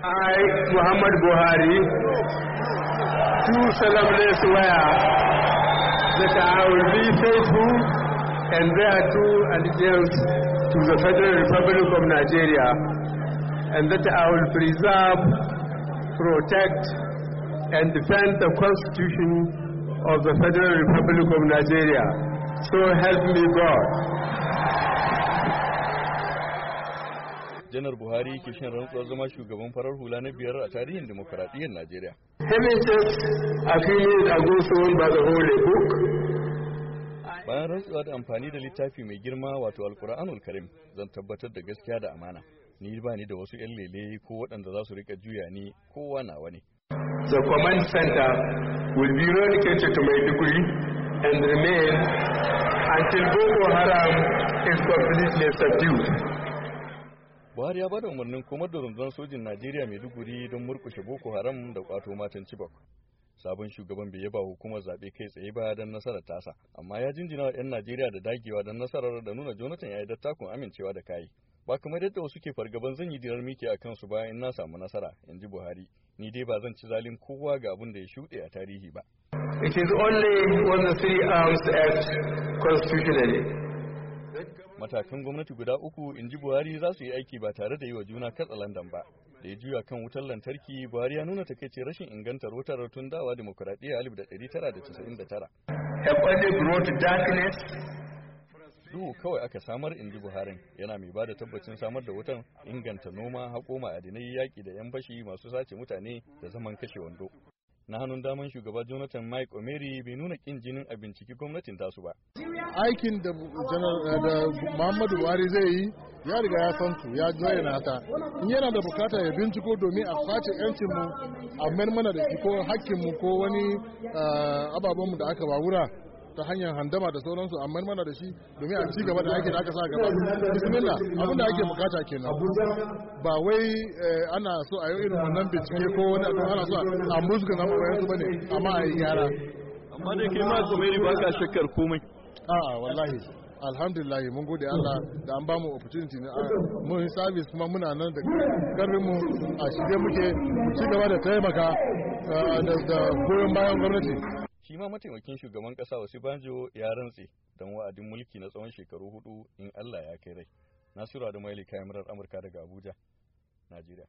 I, Muhammad Buhari, do solemnly swear that I will be faithful and they are two allegiance to the Federal Republic of Nigeria and that I will preserve, protect, and defend the Constitution of the Federal Republic of Nigeria. So help me God. janar buhari ke shan rantsuwar zama shugaban farar hula na biyar a tarihin demokuraɗiyyar najeriya bayan rantsuwa da amfani da littafi mai girma wato alkur'anul karim zan tabbatar da gaskiya da amana ni ba ni da wasu 'yan lele ko waɗanda za su rika juya ni kowa nawa ne the command center will be relocated to maiduguri and remain until boko haram is completely subdued Buhari ya bada umarnin komar da rundunar sojin Najeriya mai duguri don murkushe Boko Haram da kwato matan Chibok. Sabon shugaban bai yaba hukumar zaɓe kai tsaye ba don nasarar tasa, amma ya jinjina wa 'yan Najeriya da dagewa don nasarar da nuna Jonathan ya yi dattakun amincewa da kayi. Ba kamar yadda wasu ke fargaban zan yi dirar miki a kansu ba in na samu nasara, in ji Buhari. Ni dai ba zan ci zalin kowa ga abin da ya shuɗe a tarihi ba. It is only when the three arms act constitutionally matakan gwamnati guda uku in ji buhari za su yi aiki ba tare da yi wa juna katsalandan ba da ya juya kan wutar lantarki buhari ya nuna takaice rashin ingantar wutar tun dawa demokuraɗiyya 1999 duhu kawai aka samar in ji buharin yana mai ba da tabbacin samar da wutan inganta noma haƙo ma'adinai yaƙi da 'yan bashi masu sace mutane da zaman kashe wando na hannun daman shugaba Jonathan Mike Omeri bai nuna kin jinin a binciki gwamnatin tasu ba. Aikin eh, da Muhammadu Buhari zai yi ya riga ya san su ya na ta. In yana da bukata ya binciko domin a kwace yancin mu a mana da ko hakkin mu ko wani eh, ababen mu da aka ba wura ta hanyar handama da sauransu amma mana da shi domin a ci gaba da aikin da aka sa gaba bismillah abin da ake bukata kenan ba wai eh, ana so a yi irin wannan bincike ko wani abu ana so a musgana ba su bane amma a yi gyara amma da ke ma mai ba ka shakkar komai a'a wallahi alhamdulillah mun gode Allah da an bamu opportunity ne ah, mun service kuma muna nan da karfin mu a shige muke ci gaba da taimaka ah, da goyon bayan gwamnati Shi ma mataimakin shugaban ƙasa banjo ya rantse don wa'adin mulki na tsawon shekaru hudu in Allah ya kai rai. Nasiru Adamu Ali kayan murar Amurka daga Abuja, Najeriya.